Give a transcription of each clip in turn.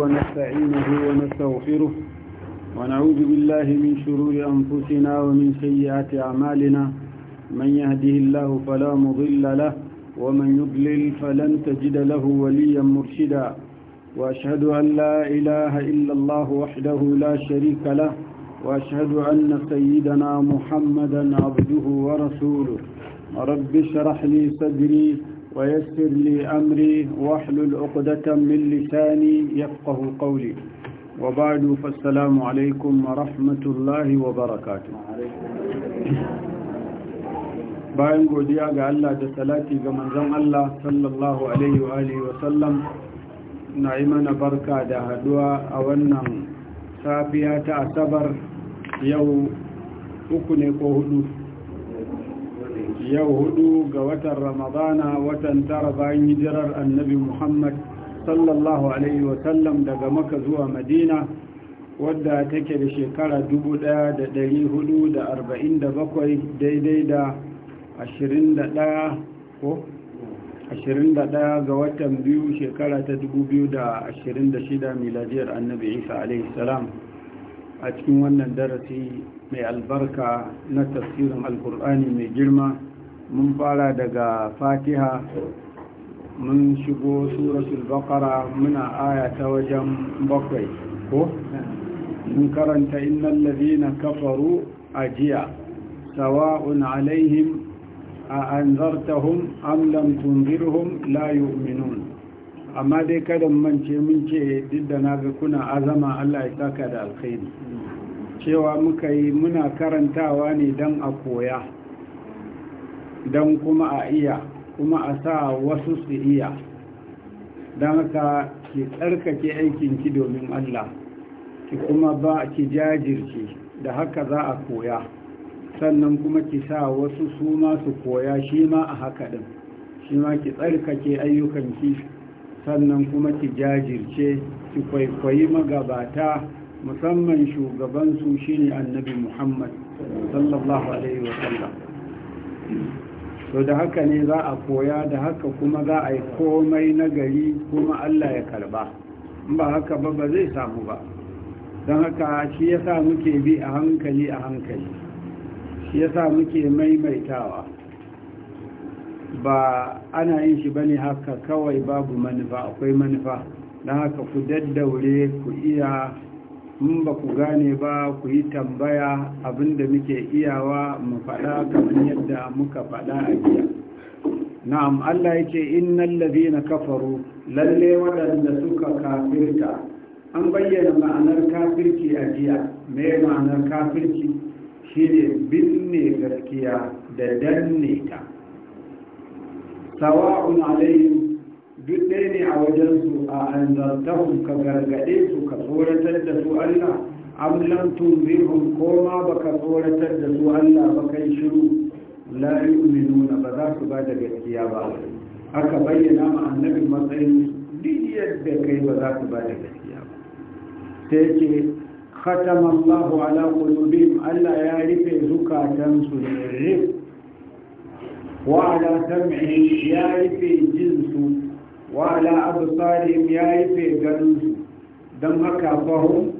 ونستعينه ونستغفره ونعوذ بالله من شرور أنفسنا ومن سيئات أعمالنا من يهده الله فلا مضل له ومن يضلل فلن تجد له وليا مرشدا وأشهد أن لا إله إلا الله وحده لا شريك له وأشهد أن سيدنا محمدا عبده ورسوله رب اشرح لي صدري ويسر لي أمري واحلل عقدة من لساني يفقه قولي وبعد فالسلام عليكم ورحمة الله وبركاته bayan godiya ga Allah da salati ga manzon Allah sallallahu alaihi wa alihi wa sallam na yi barka da haduwa a wannan safiya ta asabar yau uku ne ko hudu yau hudu ga watan ramadana watan tara bayan hijirar annabi muhammad sallallahu alaihi wasallam daga maka zuwa madina wadda take da shekara 1447 daidai da 21 ko 21 ga watan biyu shekara ta 2026 miladiyar annabi isa alaihi salam a cikin wannan darasi mai albarka na tafsirin alkur'ani mai girma mun fara daga fatiha mun shigo suratul baqara muna aya ta wajen bakwai ko mun karanta innal ladhina kafaru ajiya sawa'un alaihim a anzartahum am lam tunzirhum la yu'minun amma dai kada mance mun ce duk da naga kuna azama Allah ya saka da alkhairi cewa muka yi muna karantawa ne dan a koya don kuma a iya kuma a sa wasu su iya don haka ki tsarkake ki domin Allah ki kuma ba ki jajirce da haka za a koya sannan kuma ki sa wasu su ma su koya shi ma a haka din shi ma ki tsarkake ayyukanki sannan kuma ki jajirce ki kwaikwayi magabata musamman shugabansu shine annabi muhammad sallallahu alaihi wasallam to da haka ne za a koya da haka kuma za a yi komai na gari kuma Allah ya karba in ba haka ba ba zai samu ba don haka shi ya sa muke bi a hankali a hankali shi ya sa muke maimaitawa ba ana yin shi bane haka kawai babu manufa akwai manufa don haka ku daddaure ku iya in ba ku gane ba ku yi tambaya abinda muke iyawa mu faɗa kamar yadda muka faɗa a jiya na'am Allah yake innal ladina kafaru lalle waɗanda suka kafirta an bayyana ma'anar kafirci a jiya me ma'anar kafirci shine binne gaskiya da danne ta sawa'un alaihim duk ɗaya ne a wajensu a anzartahum ka gargaɗe su ka tsoratar da su Allah amlan lam tunzirhum ko ma baka tsoratar da su Allah ba kai shiru la yu'minuna ba za su ba da gaskiya ba aka bayyana ma annabi matsayin didiyar da kai ba za su ba da gaskiya ba sai ce khatama Allah ala qulubihim Allah ya rufe zukatansu ne wa ala sam'ihim ya rufe jinsu wa ala absarihim ya yi ganin su don haka fahu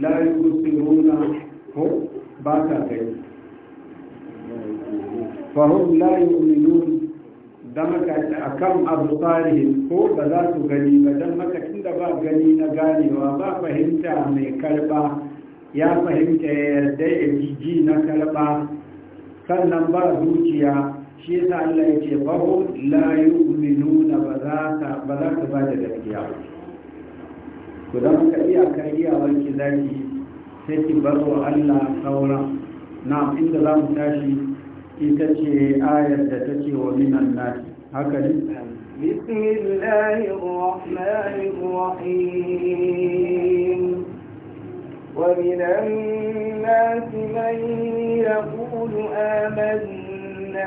la yusiruna ko ba ta gani fahim la yu'minun don haka kan absarihim ko ba za su gani ba don haka inda ba gani na ganewa ba fahimta mai karba ya fahimta ya yarda ya jiji na karba sannan ba zuciya shi yasa Allah ya ce la yu'minuna ba za ta ba za ta ba da gaskiya ba ku da muka iyakar iyawar ki zaki sai ki bar wa Allah sauran na inda za mu tashi ita ce ayar da ta ce wa minan nasi haka ne بسم الله الرحمن الرحيم ومن الناس من يقول آمنا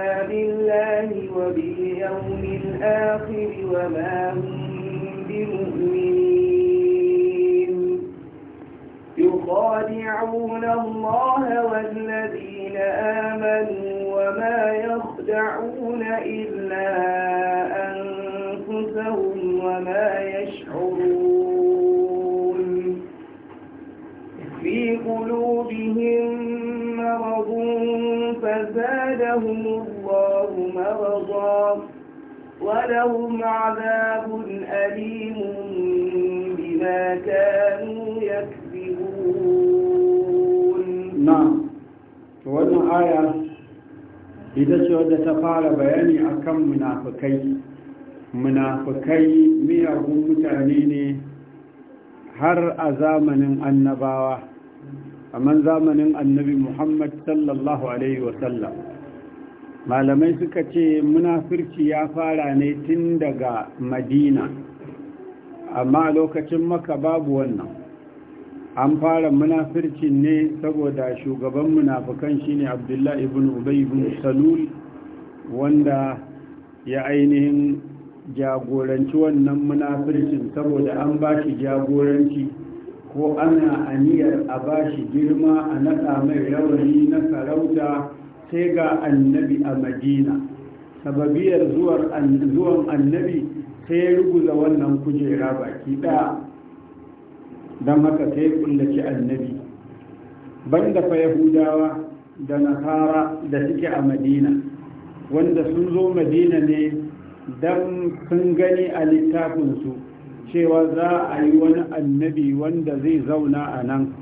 بالله وباليوم الآخر وما هم بمؤمنين يخادعون الله والذين لهم عذاب أليم بما كانوا يكذبون نعم وانا آية إذا سؤال تفعل بياني أكم منافقين منافقين مي أقوم متعنيني هر أزامن النباوة ومن زامن النبي محمد صلى الله عليه وسلم malamai suka ce munafirci ya fara ne tun daga madina amma lokacin maka babu wannan an fara munafircin ne saboda shugaban munafukan shine abdullahi ibn ubay ibn salul wanda ya ainihin jagoranci wannan munafircin saboda an ba shi jagoranci ko ana aniyar a ba shi girma a naɗa mai rawani na sarauta sai ga annabi a madina sababiyar zuwan annabi sai ya ruguza wannan kujera baki ɗaya don haka sai kullaci annabi banda fa yahudawa da nasara da suke a madina wanda sun zo madina ne don sun gani a littafinsu cewa za a yi wani annabi wanda zai zauna a nan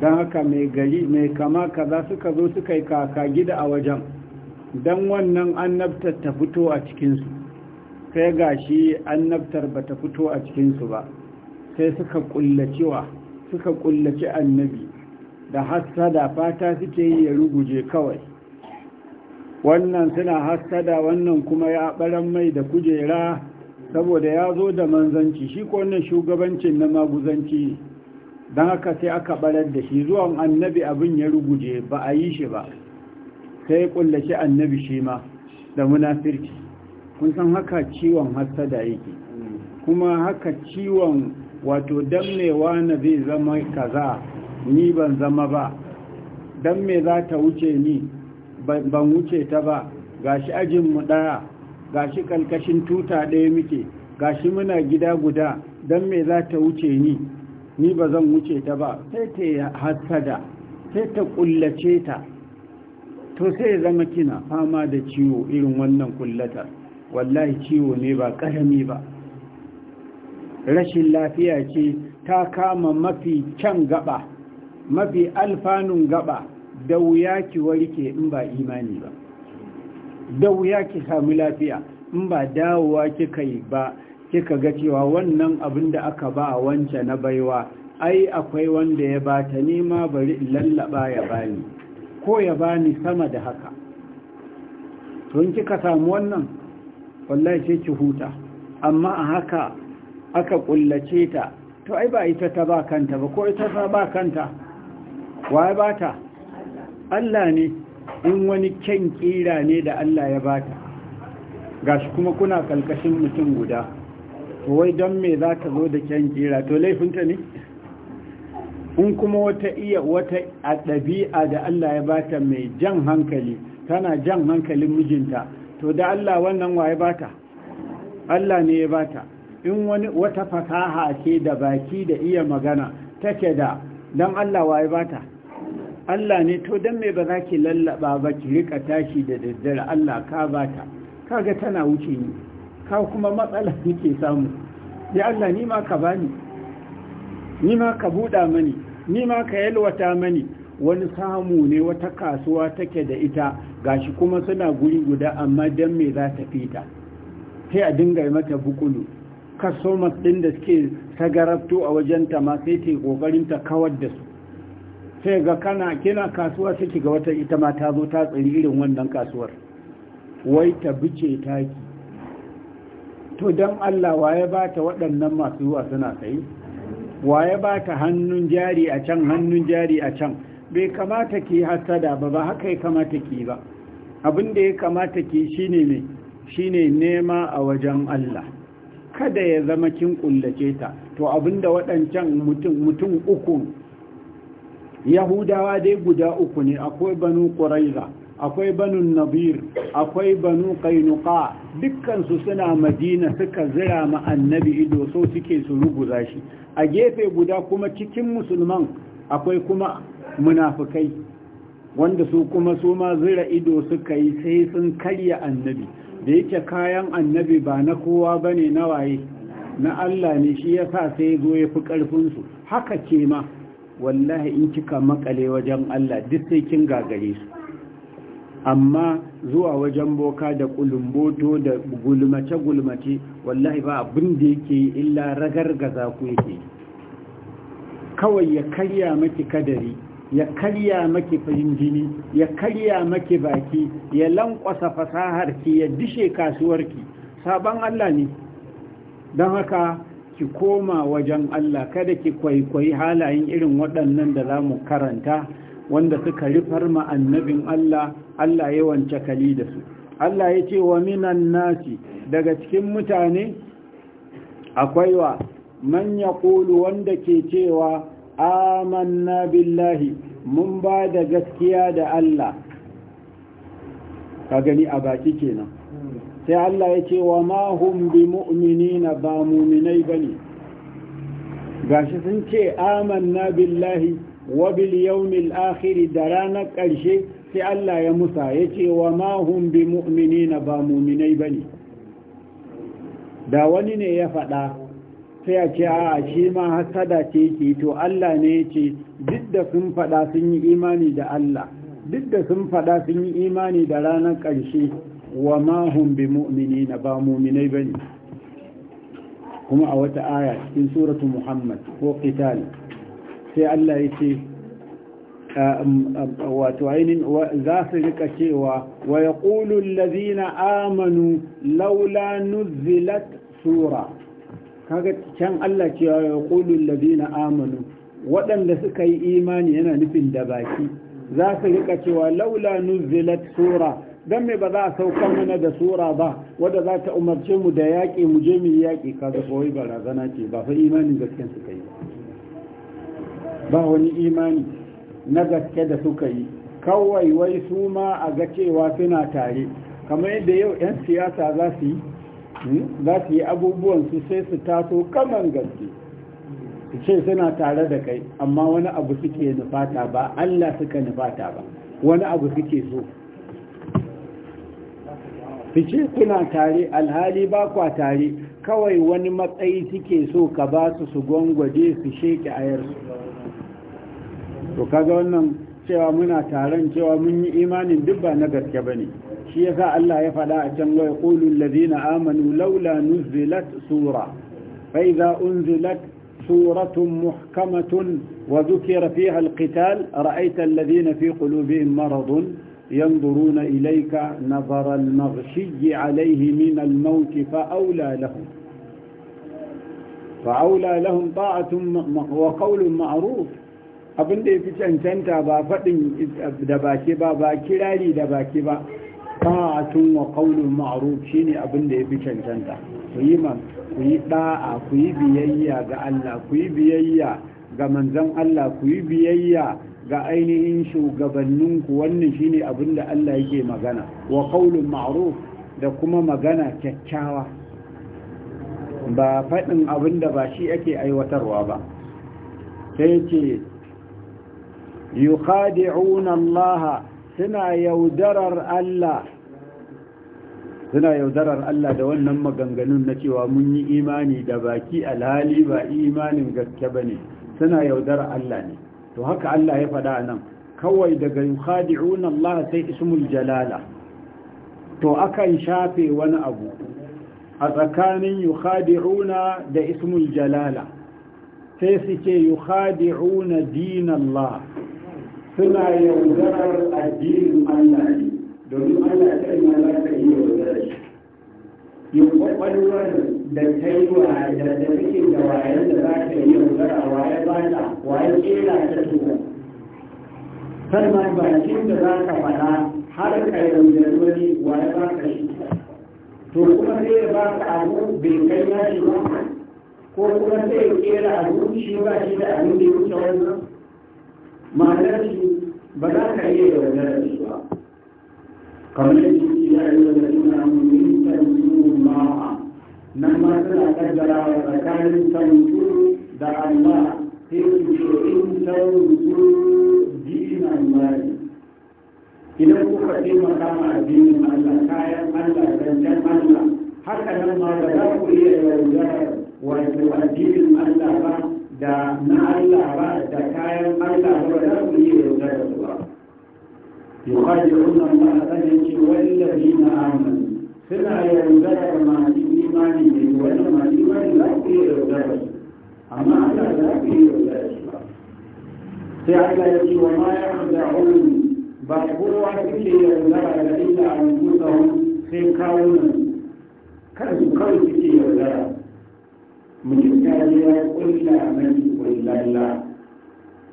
don haka mai gari mai kama kaza suka zo suka yi kaka gida a wajen don wannan annabtar ta fito a cikinsu sai ga shi annabtar ba ta fito a cikinsu ba sai suka kullacewa suka kullace annabi da hassada fata suke yi ya ruguje kawai wannan suna hassada wannan kuma ya ɓaran mai da kujera saboda ya zo da manzanci shi ko wannan shugabancin na maguzanci don haka sai aka barar da shi zuwan annabi abin ya ruguje ba a yi shi ba sai kullace annabi shi ma da munafirci kun san haka ciwon hasada yake kuma haka ciwon wato damnewa na zai zama kaza ni ban zama ba dan me za ta wuce ni ban wuce ta ba gashi ajinmu ɗaya gashi kalkashin tuta ɗaya muke gashi muna gida guda dan me za ta wuce ni ni ba zan wuce ta ba sai ta hasada sai ta kullace ta to sai zama kina fama da ciwo irin wannan kullatar wallahi ciwo ne ba ƙarami ba rashin lafiya ce ta kama mafi can gaba mafi alfanun gaba da wuya ki warke in ba imani ba da wuya ki samu lafiya in ba dawowa kika yi ba kika ga cewa wannan abin da aka ba wance na baiwa ai akwai wanda ya ba ta nema bari lallaba ya bani ko ya bani sama da haka tun kika samu wannan wallahi sai ki huta amma a haka aka kullace ta to ai ba ita ta ba kanta ba ko ita ta ba kanta waye ba ta Allah ne in wani kyan kira ne da Allah ya ba ta gashi kuma kuna kalkashin mutum guda wai don me za ka zo da kyan kira to laifinta ne in kuma wata iya wata a ɗabi'a da Allah ya ba ta mai jan hankali tana jan hankalin mijinta to da Allah wannan ba ta? Allah ne ya ba ta. in wani wata fasaha ce da baki da iya magana take da don Allah ba ta? Allah ne to don me ba za ki lallaba ba ki rika tashi da daddare Allah ka ba ta kaga tana wuce ni ka kuma matsala nake samu ya Allah ni ma ka bani ni ma ka buɗa mani ni ma ka yalwata mani wani samu ne wata kasuwa take da ita gashi kuma suna guri guda amma dan me za ta fita sai a dinga mata bukulu customers din da suke sagarabto a wajenta ma sai ta kokarin ta kawar da su sai ga kana kina kasuwa sai ga wata ita ma ta zo ta tsiri irin wannan kasuwar wai ta bice taki to don Allah waye ba ta waɗannan masu zuwa suna sayi waye ba ta hannun jari a can hannun jari a can bai kamata ki hasada ba ba haka ya kamata ki ba abin da ya kamata ki shine ne shine nema a wajen Allah kada ya zama kin kullace ta to abin da waɗancan mutum mutum uku yahudawa dai guda uku ne akwai banu quraiza akwai banu nabir akwai banu kainuka dukkansu suna madina suka zira ma annabi ido so suke su ruguza shi a gefe guda kuma cikin musulman akwai kuma munafukai wanda su kuma su ma zira ido suka yi sai sun karya annabi da yake kayan annabi ba na kowa bane na waye na Allah ne shi ya sa sai zo ya fi ƙarfinsu haka ce ma wallahi in kika makale wajen Allah duk sai kin gagare su amma zuwa wajen boka da kulumboto da gulmace-gulmace wallahi ba abin da yake yi illa ragargaza ku yake kawai ya karya maki kadari ya karya maki fahim jini ya karya maki baki ya lankwasa fasaharki ya dishe kasuwarki sabon Allah ne don haka ki koma wajen Allah kada ki kwaikwayi halayen irin waɗannan da za mu karanta wanda suka rifar ma annabin Allah Allah ya wance kali da su Allah ya ce wa minan nasi daga cikin mutane akwai wa man Kulu, wanda ke cewa amanna billahi mun ba da gaskiya da Allah ka gani a baki kenan sai Allah ya ce wa ma hum bi mu'minina ba mu'minai bane gashi sun ce amanna billahi wa bil yawmil akhir da ranar ƙarshe sai Allah ya musa ya ce wa ma hum bi mu'minina ba mu'minai bane da wani ne ya faɗa sai a ce a shi ma hasada ce yake to Allah ne ya ce duk da sun faɗa sun yi imani da Allah duk da sun faɗa sun yi imani da ranar ƙarshe wa ma hum bi mu'minina ba mu'minai bane kuma a wata aya cikin suratul muhammad ko qital sai Allah ya ce um, um, wato ainihin za su rika cewa wa ya amanu laula nuzilat sura kaga can Allah cewa ya ƙulun lazina amanu waɗanda suka yi imani yana nufin da baki za su rika cewa laula nuzilat sura don me ba za a sauka mana da sura ba wadda za ta umarce mu da yaƙi mu je mu yaƙi kaga kawai barazana ce ba fa imanin gaskiyan suka yi ba wani imani na gaske da suka yi kawai wai su ma a ga cewa suna tare kamar yadda yau 'yan siyasa za su yi hmm, za su yi abubuwansu sai su taso kaman gaske su ce suna tare da kai amma wani abu suke nufata ba allah suka nufata ba wani abu suke so fice suna kuna tare alhali ba kwa tare kawai wani matsayi suke so ka ba su su gwangwaje su sheke ayarsu to kaga wannan cewa muna taron cewa mun yi imanin duk ba na gaske bane shi yasa Allah ya faɗa a can wa yaqulu allazina amanu laula nuzilat sura fa idza unzilat suratun muhkamatun wa dhukira fiha alqital ra'aita alladhina fi qulubihim maradun ilayka nazara almaghshiy alayhi min من fa فأولى lahum فأولى لهم طاعة وقول معروف abin da ya fi cancanta ba faɗin da baki ba ba kirari da baki ba ta'atun wa qaulun ma'ruf shine abin da ya fi cancanta ku yi ma ku yi da'a ku yi biyayya ga Allah ku yi biyayya ga manzan Allah ku yi biyayya ga ainihin shugabanninku wannan shine abin da Allah yake magana wa qaulun ma'ruf da kuma magana kyakkyawa ba faɗin abin da ba shi ake aiwatarwa ba sai يخادعون الله سنا يودرر الله suna yaudarar Allah da wannan maganganun na cewa mun yi imani da baki alhali ba imanin gaske ba ne suna yaudarar Allah ne to haka Allah ya fada nan kawai daga yukhadi'un Allah sai ismul jalala to akan shafe wani abu a tsakanin yukhadi'una da ismul jalala sai suke ce yukhadi'una dinallah suna yaudarar addinin Allah ne domin Allah ta yi za ta yi yaudarar shi yin kwakwalwar da ta yi wa da ta fi da wayan da za ta yi yaudara waye ba ta waye kera ta tuka sannan bakin da za ka faɗa har ka yi yaudari wani waye ba ka shi to kuma sai ya ba ka abu bai kai ya shi ba ko kuma sai ya kera abu shi ba shi da abin da ya wuce wannan ma'anar shi ba za ka iya yarda da shi ba kamar yadda shi ya yi da suna min tantu ma'a nan ma suna kaddara wa tsakanin tantu da Allah sai su ce in tantu dina Allah idan kuka taimaka ma addinin Allah kayan Allah zancen Allah haka nan ma ba za ku iya yarda wato addinin Allah ba da na Allah ba da kayan Allah ba da su yi yaudar da ba yukhadi'un Allah dan yace na amin suna yaudar da masu imani ne wanda masu imani za su yi yaudar ba. amma Allah za su yi yaudar da ba sai Allah ya ce wa ma ya'da'un ba kowa suke yaudar da illa an sai kawo nan kansu kawai suke yaudara mutum ya je ya kulla mai kullalla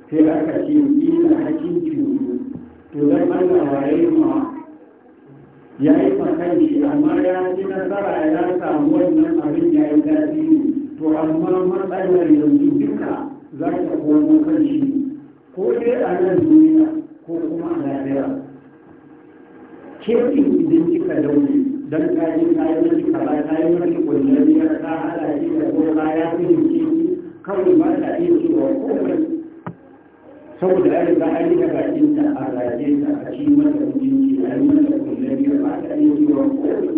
sai aka ce ina hakin cutu to dan Allah waye ma ya yi makan shi amma ya ji nasara ya samu wannan abin ya yi tasiri to amma matsalar yanzu duka za ta komo kan shi ko dai a nan duniya ko kuma a lahira ke idan kika daure dan ka yi ka yi mashi kaza ka yi mashi kullariya ka hada shi da gona ya fahimci kawai ba ta iya cewa komai saboda ya riga an yi da bakin ta a raje ta a ci mata mutunci a yi mata kullariya ba ta iya cewa komai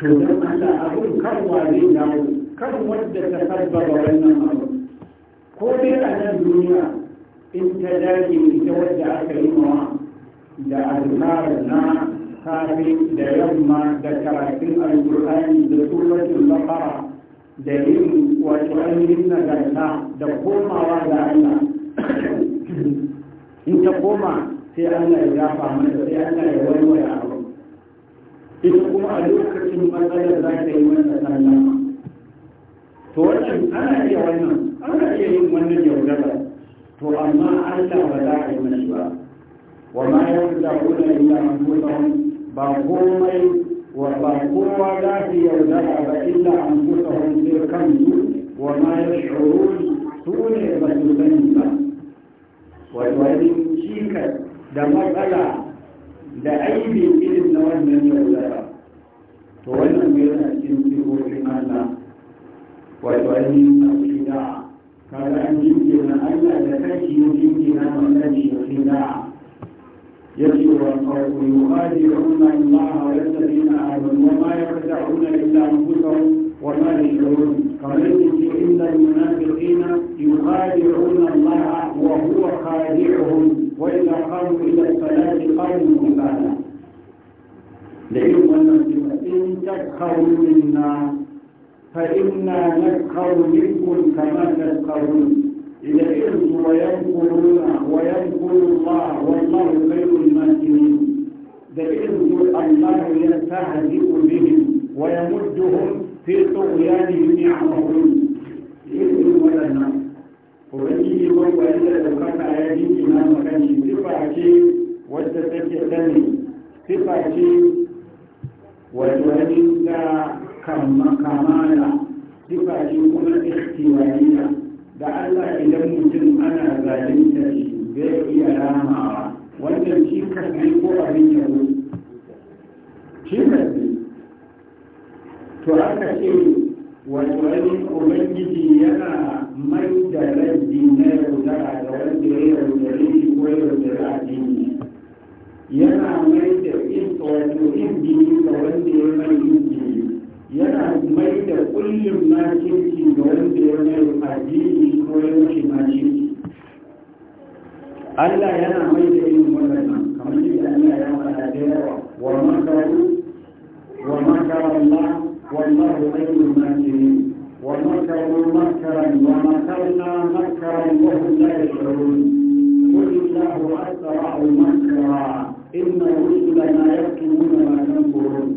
to don Allah abin karwa zai dawo kar wanda ta sabbaba wannan abu ko dai a nan duniya in ta dage ita wadda aka yi mawa da alfarar na safe da yamma da karatun alkur'ani da suratul baqara da yin wato ainihin nagarta da komawa ga Allah in ta koma sai Allah ya gafa mata sai Allah ya warware abu ita kuma a lokacin matsalar za ta yi mata sallama to wannan ana iya wannan ana iya yin wannan yaudara to amma Allah ba za a yi mashi ba wa ma yau da kuna illa ba komai wa ba kowa za su yarda ba illa an kusa hunce kansu wa ma ya shururi su ne ba su sani ba wato wani cikar da matsala da aibin irin na wannan yaudara to wannan mai yana cikin sifofin allah wato wani asida kaga an jingina allah da kashi jingina wannan shi asida ya ce ويخادعون الله والذين آمنوا وما يخدعون إلا أنفسهم وما يشعرون فلنجد إن المنافقين يخادعون الله وهو خادعهم وإذا قاموا إلى الصلاة قاموا مبانا لعلم أن إن تسخروا منا فإنا نسخر منكم كما تسخرون وينقلونه وينقل الله والله خير الماكرين ذكرهم الله يستهزئ بهم ويمدهم في طغيانهم يعمهون اذن ولا نعم ورجل وهو الا لو كان ايادي امام كانش صفه عجيب والتزكيه ثاني صفه عجيب والتزكيه كمان اختيارية da Allah idan mutum ana da shi zai iya ramawa wannan shi ne ko abin yabo shi ne to aka ce wato wani ubangiji yana mai da rabbi na yaudara da wanda ya yaudare shi ko ya yaudare addini yana mai da in wato in biyu ga wanda ya mai yana mai da kullum na kirki ga wanda ya mai addini ko ya wuce na kirki Allah yana mai da irin wannan kamar yadda Allah ya faɗa da yawa wa makaru wa makara Allah wallahu khairul makirin wa makaru makaran wa makarna makaran wa hum la yash'urun qul Allahu asra'u makra inna rusulana yaktubuna ma tanfurun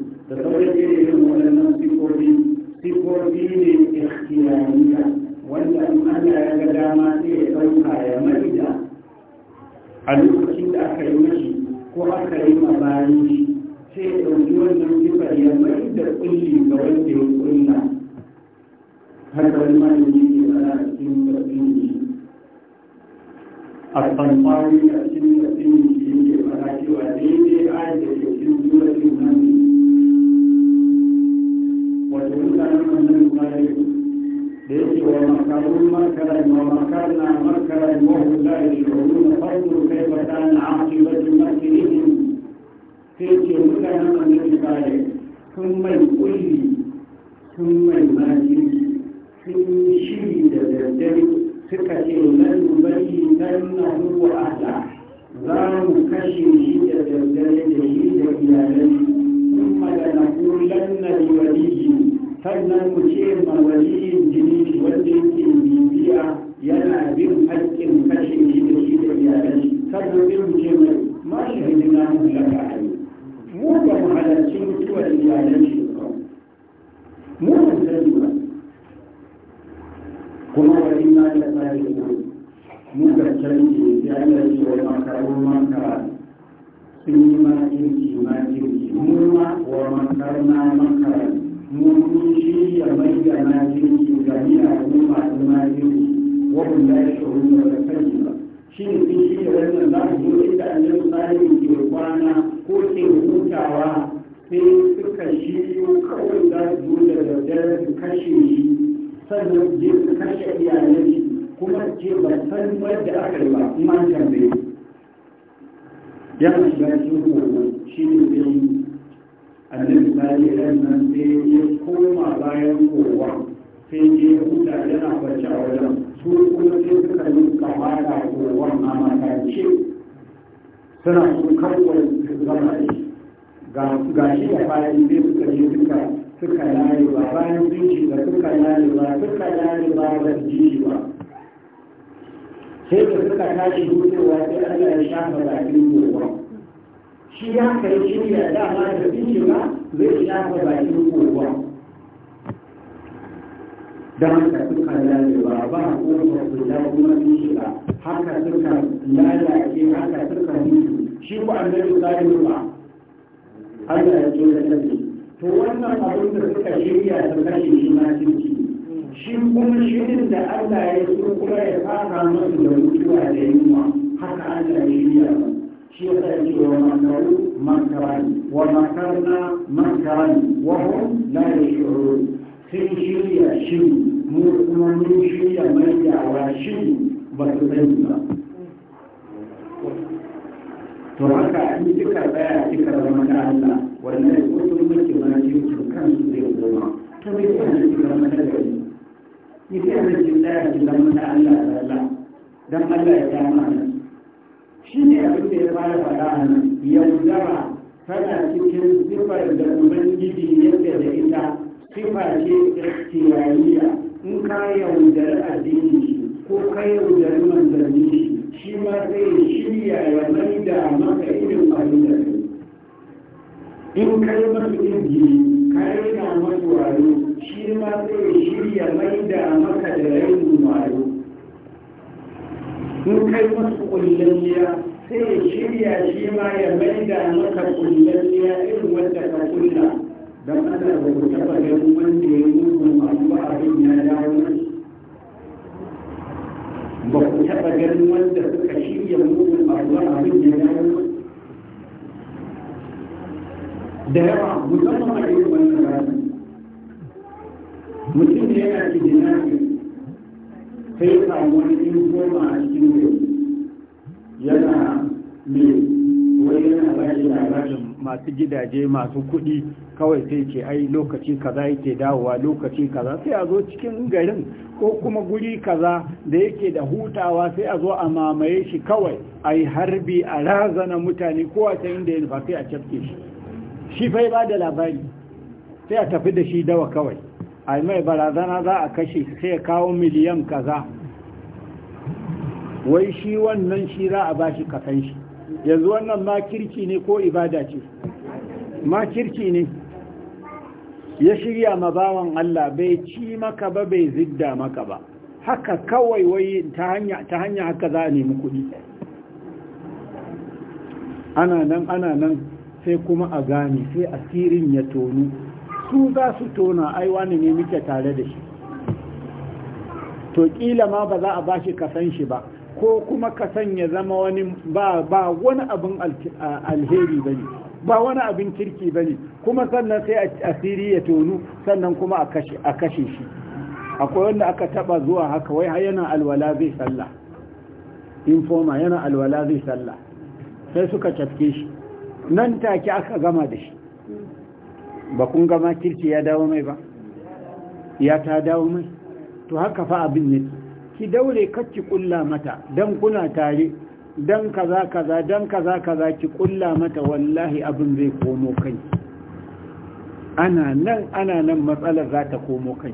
alfalfari a cikin da sun yi ke fara cewa daidai a da ke cikin suratun nan wato mutanen wannan tsari da yake wa makarun makarai wa makarna makarai wa hula ya shuru na farko kai ba ta na akibatun makirihim sai ce mutanen wannan tsari sun mai kulli sun mai makirki sun shiri da daddare suka ce na da وأهله da shi شيء جلجله شيء جلاله ثم لنقولن لوليه sannan mu ce ma waliyin jini wanda yake bibiya yana bin haƙƙin kashe shi da shi da iyalan shi sannan sai mu ce mai ma shi hidima mu laka ayi mu ba mu halarci mutuwar iyalan shi ba mu sani ba kuma wani ma da tsari muka canji ya yi cewa makaru makara sun yi ma kirki ma jirgi mu ma wa makar na makara mu kun shi ya mai ga na ga ni a mu ma su ma kirki wani da ya shuru da ba ba shi ne sun shi da wannan za su zo inda an yi tsarin ke kwana ko ke hutawa sai suka shirya kawai za su zo da daddare su kashe shi sannan je su kashe iyayen shi kuma ce ban san wadda aka yi ba kuma an tambaye yana shiga shi horo shi ne zai annabi sali ran nan sai ya koma bayan kowa sai ya huta yana bacci a wajen su kuma sai suka yi kamata kowa a ce suna su kawo su zama ga shi da bayan sai suka yi suka suka yi ba bayan sun da suka yi ba suka yi ba da jiki ba sai da suka tashi gudewa sai Allah ya shafa bakin kowa shi ya kai shirya dama da bincika zai shafa bakin kowa da haka suka lalewa ba kowa su da kuma bincika haka suka lalace haka suka mutu shi ko annabi zalimu ba Allah ya ce da to wannan abin da suka shirya su kashe shi na cikin shi kuma shirin da Allah ya so kuma ya fara masu da mutuwa da yunwa haka Allah ya shirya shi ya sa ce wa makaru makarani wa makarna makarani wa hum la yashurun sun shirya shiri mu kuma mun shirya maidawa shiri ba su sani ba to haka in kika tsaya kika zama da yawa musamman a irin wannan rana mutum da yana da nafi sai ya samu wani in goma a cikin yau yana mai wani yana bashi labarin masu gidaje masu kuɗi kawai sai ce ai lokaci kaza yake dawowa lokaci kaza sai a zo cikin garin ko kuma guri kaza da yake da hutawa sai a zo a mamaye shi kawai ai harbi a razana mutane kowace inda ya nufa sai a cafke shi shi fai ba da labari sai a tafi da shi dawa kawai a mai barazana za a kashe sai ya kawo miliyan kaza wai shi wannan shi za a bashi kasan shi yanzu wannan makirci ne ko ibada ce makirci ne ya shirya ma bawan Allah bai ci maka ba bai zidda maka ba haka kawai wai ta hanya haka za a nemi kuɗi ana nan ana nan sai kuma a gane sai asirin ya tonu su za su tona aiwa wani ne muke tare da shi to kila ma ba za a bashi kasan shi ba ko kuma kasan ya zama wani ba wani abin alheri bane ba wani abin kirki bane kuma sannan sai asiri ya tonu sannan kuma a kashe shi akwai wanda aka taba zuwa haka wai yana alwala zai sallah informa yana alwala zai sallah sai suka cafke shi nan take aka gama da shi ba kun gama kirki ya dawo mai ba ya ta dawo mai to haka fa abin ne ki daure kacci kulla mata dan kuna tare dan kaza kaza dan kaza kaza ki kulla mata wallahi abin zai komo kai ana nan ana nan matsalar za ta komo kai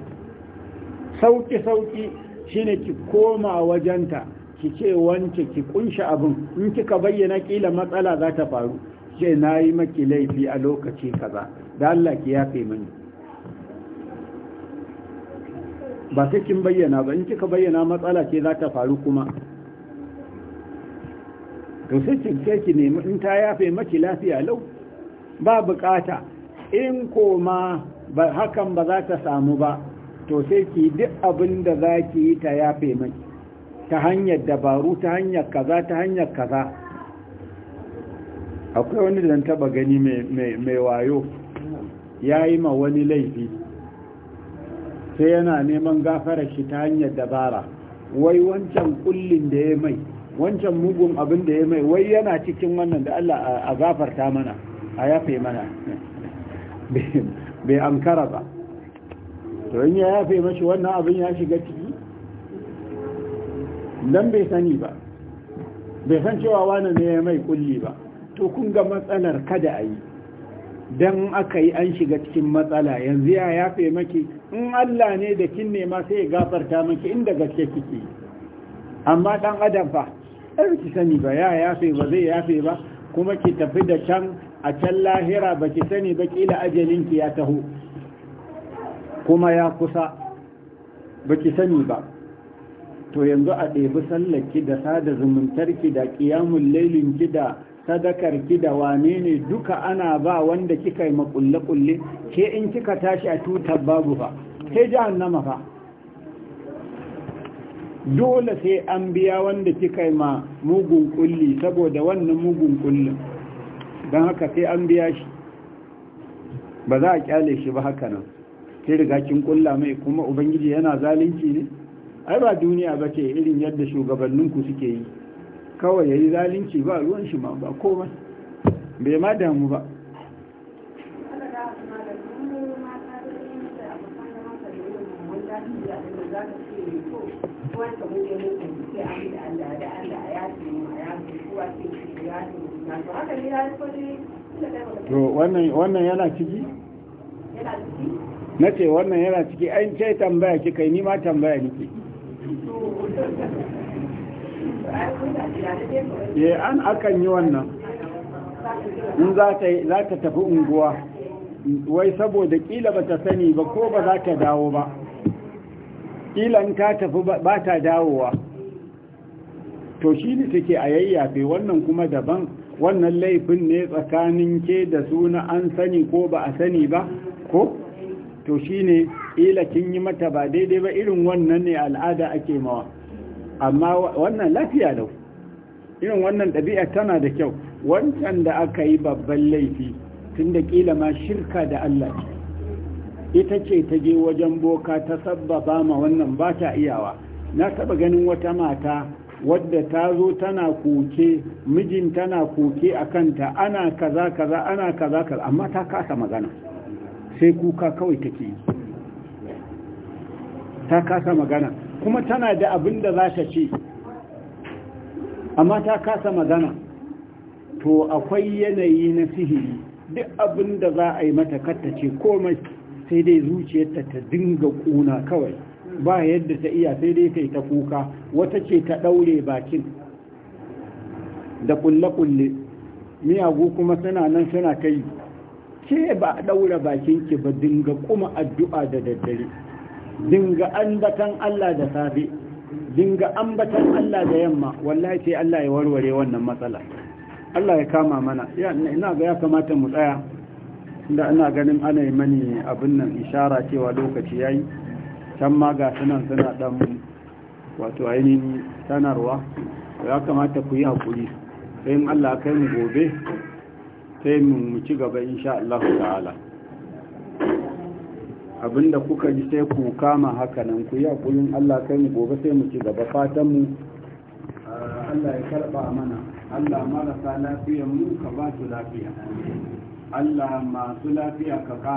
sauki sauki shine ki koma wajenta ki ce wance ki kunshi abin in kika bayyana kila matsala za ta faru ce na yi maki laifi a lokaci kaza da Allah ki yafe mani ba sai kin bayyana ba in kika bayyana matsala ce za ta faru kuma to sai ki sai ki nemi in ta yafe maki lafiya lau ba bukata in koma ba hakan ba za ta samu ba to sai ki duk abin da za ki yi ta yafe maki ta hanyar dabaru ta hanyar kaza ta hanyar kaza akwai wani da taba gani mai wayo ya yi ma wani laifi sai yana neman gafara shi ta hanyar dabara wai wancan kullin da ya mai wancan mugun abin da ya mai wai yana cikin wannan da Allah a gafarta mana a yafe mana bai kara ba to in ya yafe mashi wannan abin ya shiga ciki dan bai sani ba bai san cewa wani ne ya mai kulli ba to kun ga matsalar kada a yi don aka yi an shiga cikin matsala yanzu ya yafe maki in Allah ne da kin nema sai ya gafarta maki inda gaske kike amma dan adam fa ɗan ki sani ba ya yafe ba zai yafe ba kuma ki tafi da can a can lahira ba ki sani ba kila ajalinki ya taho kuma ya kusa ba ki sani ba to yanzu a ɗebi sallarki da sada zumuntarki da ƙiyamun lailinki da ki da wane ne duka ana ba wanda kika yi makulle-kulle ke in kika tashi a tutar babu fa sai jahannama ba dole sai an biya wanda kika yi ma mugun kulli saboda wannan mugun kullin don haka sai an biya shi ba za a kyale shi ba haka nan sai riga kin kulla mai kuma ubangiji yana zalunci ne ai ba duniya ba ce irin yadda shugabanninku suke yi kawai ya yi zalunci ba ruwan shi ma ba komai bai ma damu ba wannan yana ciki? yana ciki? na ce wannan yana ciki ainihin tambaya kika yi nima tambaya nike eh an akan yi wannan in za ta tafi unguwa wai saboda kila ba ta sani ba ko ba za ta dawo ba kila in ka tafi ba ta dawowa to shi ne take a yayyafe wannan kuma daban wannan laifin ne tsakanin ke da suna an sani ko ba a sani ba ko to shi ne kila kin yi mata ba daidai ba irin wannan ne al'ada ake mawa amma wannan lafiya da irin wannan ɗabi'a tana da kyau wancan da aka yi babban laifi tun da ƙila ma shirka da Allah ce ita ce ta je wajen boka ta sabbaba ma wannan ba ta iyawa na taɓa ganin wata mata wadda ta zo tana koke mijin tana koke a kanta ana kaza kaza ana kaza kaza amma ta kasa magana sai kuka kawai take yi ta kasa magana kuma tana da abin da za ta ce amma ta kasa magana to akwai yanayi na sihiri duk abin da za a yi mata katta ce komai sai dai zuciyarta ta dinga kuna kawai ba yadda ta iya sai dai ta yi ta kuka wata ce ta ɗaure bakin da kulle-kulle miyagu kuma suna nan suna ta yi ce ba a bakin bakinki ba dinga kuma addu'a da daddare dinga ambatan Allah da safe dinga ambatan Allah da yamma wallahi sai Allah ya warware wannan matsala Allah ya kama mana ina ga ya kamata mu tsaya inda ina ganin ana yi mani abin nan ishara cewa lokaci yayi can ma ga sunan suna dan wato ainihin sanarwa ya kamata ku yi hakuri sai in Allah kai mu gobe sai mu ci gaba insha Allah ta'ala abinda kuka ji sai ku kama hakanan ku yi hakurin Allah kai mu gobe sai mu ci gaba fatan mu ah, Allah ya karba mana Allah marasa lafiyar mu ka ba su lafiya Allah masu lafiya ka